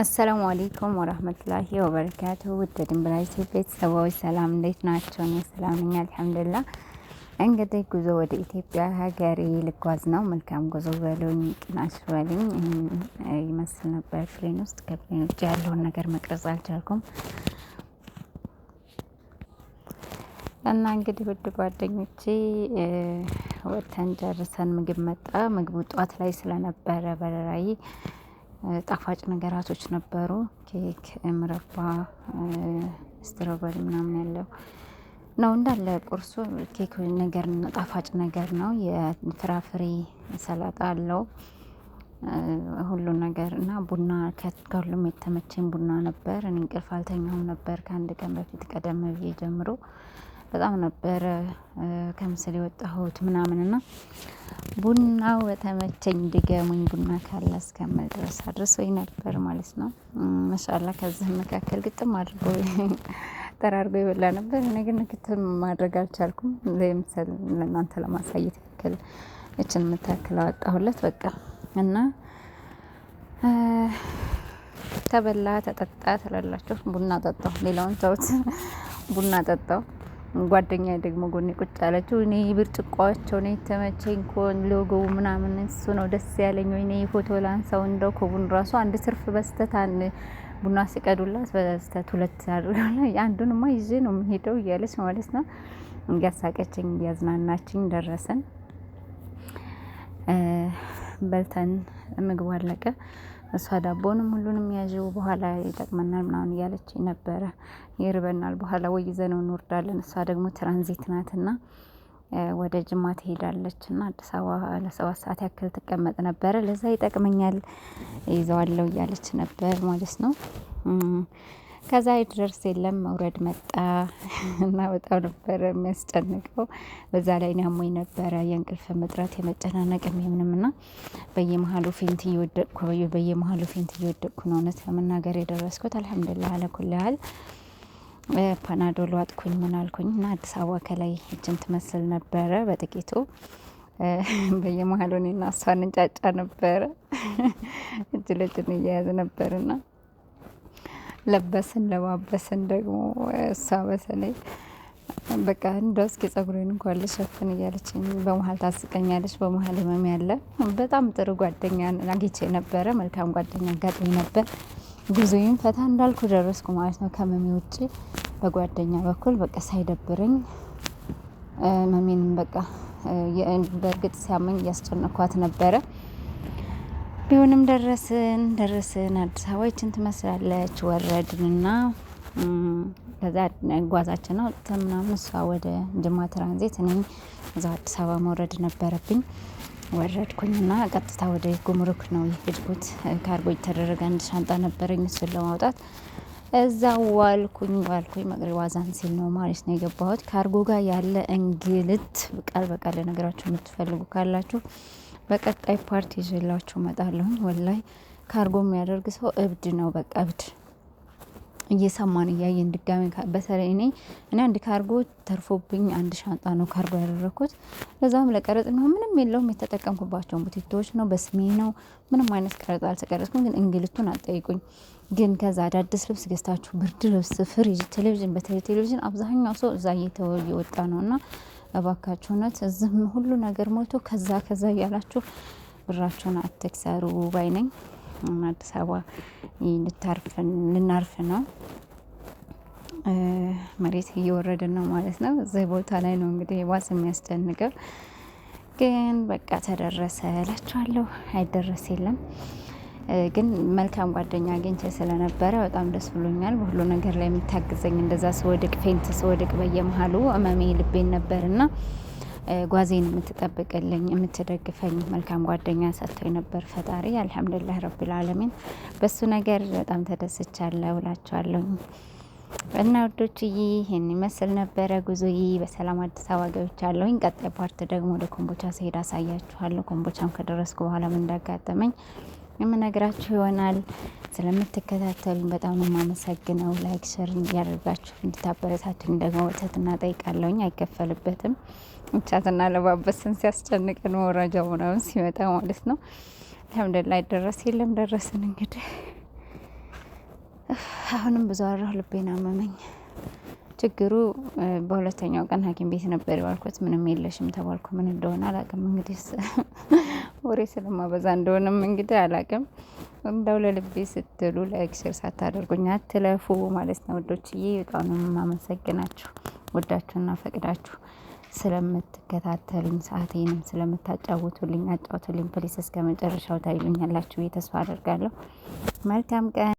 አሰላሙ አሌይኩም ወረህመቱላሂ ወበረካቱ። ውድ ድንብላሴ ቤተሰቦች ሰላም እንዴት ናቸው? እኔ ሰላም ነኝ አልሐምዱሊላህ። እንግዲህ ጉዞ ወደ ኢትዮጵያ ሀገሬ ልጓዝ ነው። መልካም ጉዞ በሉኝ፣ ቅናሽ በሉኝ። ይመስል ነበር ፕሌን ውስጥ። ከፕሌን ውጭ ያለውን ነገር መቅረጽ አልቻልኩም እና እንግዲህ ውድ ጓደኞቼ ወተን ጨርሰን ምግብ መጣ። ምግቡ ጧት ላይ ስለነበረ በረራዬ ጣፋጭ ነገራቶች ነበሩ። ኬክ፣ ምረባ፣ ስትሮበሪ ምናምን ያለው ነው እንዳለ ቁርሱ ኬክ ነገር ጣፋጭ ነገር ነው። የፍራፍሬ ሰላጣ አለው ሁሉ ነገር እና ቡና ከሁሉም የተመቸኝ ቡና ነበር። እንቅልፍ አልተኛውም ነበር ከአንድ ቀን በፊት ቀደም ብዬ ጀምሮ በጣም ነበረ ከምስል የወጣሁት ምናምን ና ቡናው በተመቸኝ ድገሙኝ ቡና ካለ እስከምል ድረስ አድርሶኝ ነበር ማለት ነው። መሻላ ከዚህ መካከል ግጥም አድርጎ ጠራርጎ ይበላ ነበር። እኔ ግን ግጥም ማድረግ አልቻልኩም። ለምሳሌ ለእናንተ ለማሳየት ያክል እችን የምታክል አወጣሁለት በቃ እና ተበላ፣ ተጠጣ ትላላችሁ። ቡና ጠጣሁ። ሌላውን ተውት፣ ቡና ጠጣሁ። ጓደኛ ደግሞ ጎኔ ቁጭ ያለችው እኔ ብርጭቋቸው ነው የተመቸኝ። ሎጎ ምናምን እሱ ነው ደስ ያለኝ። ወይ ኔ ፎቶ ላንሳው እንደው ከቡን ራሱ አንድ ስርፍ በስተት ቡና ሲቀዱላት በስተት ሁለት አድርገው አንዱንማ ይዤ ነው የምሄደው እያለች ማለት ነው። እያሳቀችኝ እያዝናናችኝ ደረሰን። በልተን ምግቡ አለቀ። እሷ ዳቦንም ሁሉንም ያዥው በኋላ ይጠቅመናል ምናምን እያለች ነበረ። ይርበናል በኋላ ወይ ይዘነው እንወርዳለን። እሷ ደግሞ ትራንዚት ናትና ወደ ጅማ ትሄዳለች እና አዲስ አበባ ለሰባት ሰዓት ያክል ትቀመጥ ነበረ። ለዛ ይጠቅመኛል ይዘዋለው እያለች ነበር ማለት ነው። ከዛ ይድረስ የለም መውረድ መጣ እና በጣም ነበረ የሚያስጨንቀው። በዛ ላይ አሞኝ ነበረ የእንቅልፍ መጥራት የመጨናነቅ የምንም ና በየመሀሉ ፌንት እየወደቅኩ በየመሀሉ ፌንት እየወደቅኩ ነው እውነት ለመናገር የደረስኩት። አልሐምዱሊላህ አለኩል ያህል ፓናዶል ዋጥኩኝ ምናልኩኝ አልኩኝ እና አዲስ አበባ ከላይ እጅን ትመስል ነበረ በጥቂቱ በየመሀሉ እኔና እሷ እንጫጫ ነበረ እጅ ለእጅ እያያዝ ነበርና ለበስን ለባበስን ደግሞ እሷ በተለይ በቃ እንደው እስኪ ጸጉሬን እንኳን ልሸፍን እያለችኝ በመሀል ታስቀኛለች። በመሀል ህመም ያለ በጣም ጥሩ ጓደኛ አግኝቼ ነበረ። መልካም ጓደኛ አጋጥሚ ነበር። ጉዞዬን ፈታ እንዳልኩ ደረስኩ ማለት ነው። ከመሜ ውጭ በጓደኛ በኩል በቃ ሳይደብረኝ መሜንም በቃ በእርግጥ ሲያመኝ እያስጨነኳት ነበረ። ቢሆንም ደረስን ደረስን አዲስ አበባችን ትመስላለች። ወረድንና ከዛ ጓዛችን ነው ምናምን እሷ ወደ ጅማ ትራንዚት እኔ እዛው አዲስ አበባ መውረድ ነበረብኝ። ወረድኩኝና ቀጥታ ወደ ጉምሩክ ነው የሄድኩት። ካርጎ የተደረገ አንድ ሻንጣ ነበረኝ እሱን ለማውጣት እዛ ዋልኩኝ ዋልኩኝ። መቅረብ ዋዛን ሲል ነው ማለት ነው የገባሁት። ካርጎ ጋር ያለ እንግልት ቃል በቃል ለነገራችሁ የምትፈልጉ ካላችሁ በቀጣይ ፓርቲ ይዤላችሁ እመጣለሁኝ። ወላይ ካርጎ የሚያደርግ ሰው እብድ ነው፣ በቃ እብድ። እየሰማን እያየን ድጋሚ በተለይ እኔ እኔ አንድ ካርጎ ተርፎብኝ አንድ ሻንጣ ነው ካርጎ ያደረግኩት። ለዛም ለቀረጥ ነው ምንም የለውም። የተጠቀምኩባቸውን ቡቲቶች ነው በስሜ ነው። ምንም አይነት ቀረጥ አልተቀረጽኩም። ግን እንግልቱን አልጠይቁኝ። ግን ከዛ አዳዲስ ልብስ ገዝታችሁ ብርድ ልብስ፣ ፍሪጅ፣ ቴሌቪዥን በተለይ ቴሌቪዥን አብዛኛው ሰው እዛ እየወጣ ነው እና እባካችሁ እውነት እዚህም ሁሉ ነገር ሞልቶ ከዛ ከዛ እያላችሁ ብራችሁን አትክሰሩ ባይ ነኝ። አዲስ አበባ ልናርፍ ነው፣ መሬት እየወረድን ነው ማለት ነው። እዚህ ቦታ ላይ ነው እንግዲህ ዋስ የሚያስደንቀው ግን በቃ ተደረሰ እላችኋለሁ። አይደረስ የለም ግን መልካም ጓደኛ አግኝቼ ስለነበረ በጣም ደስ ብሎኛል። በሁሉ ነገር ላይ የሚታግዘኝ እንደዛ ስወድቅ ፌንት ስወድቅ በየመሀሉ እመሜ ልቤን ነበርና ጓዜን የምትጠብቅልኝ የምትደግፈኝ መልካም ጓደኛ ሰጥቶኝ ነበር ፈጣሪ። አልሐምዱሊላህ ረቢል አለሚን በሱ ነገር በጣም ተደስቻለሁ እላችኋለሁ። እና ወዶችዬ ይህን ይመስል ነበረ ጉዞዬ። በሰላም አዲስ አበባ ገብቻለሁኝ። ቀጣይ ፓርት ደግሞ ወደ ኮምቦቻ ስሄድ አሳያችኋለሁ። ኮምቦቻም ከደረስኩ በኋላ ምን እንዳጋጠመኝ የምነግራችሁ ይሆናል። ስለምትከታተሉኝ በጣም ነው የማመሰግነው። ላይክ ሸር እያደርጋችሁ እንድታበረታቱኝ ደግሞ ወተትና ጠይቃለሁኝ። አይከፈልበትም። እቻትና ለባበስን ሲያስጨንቅን መውረጃ ምናምን ሲመጣ ማለት ነው። አልሐምዱሊላህ ደረስ የለም ደረስን። እንግዲህ አሁንም ብዙ አራሁ ልቤን አመመኝ። ችግሩ በሁለተኛው ቀን ሐኪም ቤት ነበር የዋልኩት። ምንም የለሽም ተባልኩ። ምን እንደሆነ አላውቅም እንግዲህ ወሬ ስለማበዛ እንደሆነም እንግዲህ አላቅም። እንደው ለልቤ ስትሉ ላይክ፣ ሼር ሳታደርጉኝ አትለፉ ማለት ነው ውዶችዬ። በጣም የማመሰግናችሁ ወዳችሁና ፈቅዳችሁ ስለምትከታተሉኝ ሰዓቴንም ስለምታጫውቱልኝ አጫውቱልኝ ፕሊስ እስከ መጨረሻው ታይሉኛላችሁ ተስፋ አደርጋለሁ። መልካም ቀን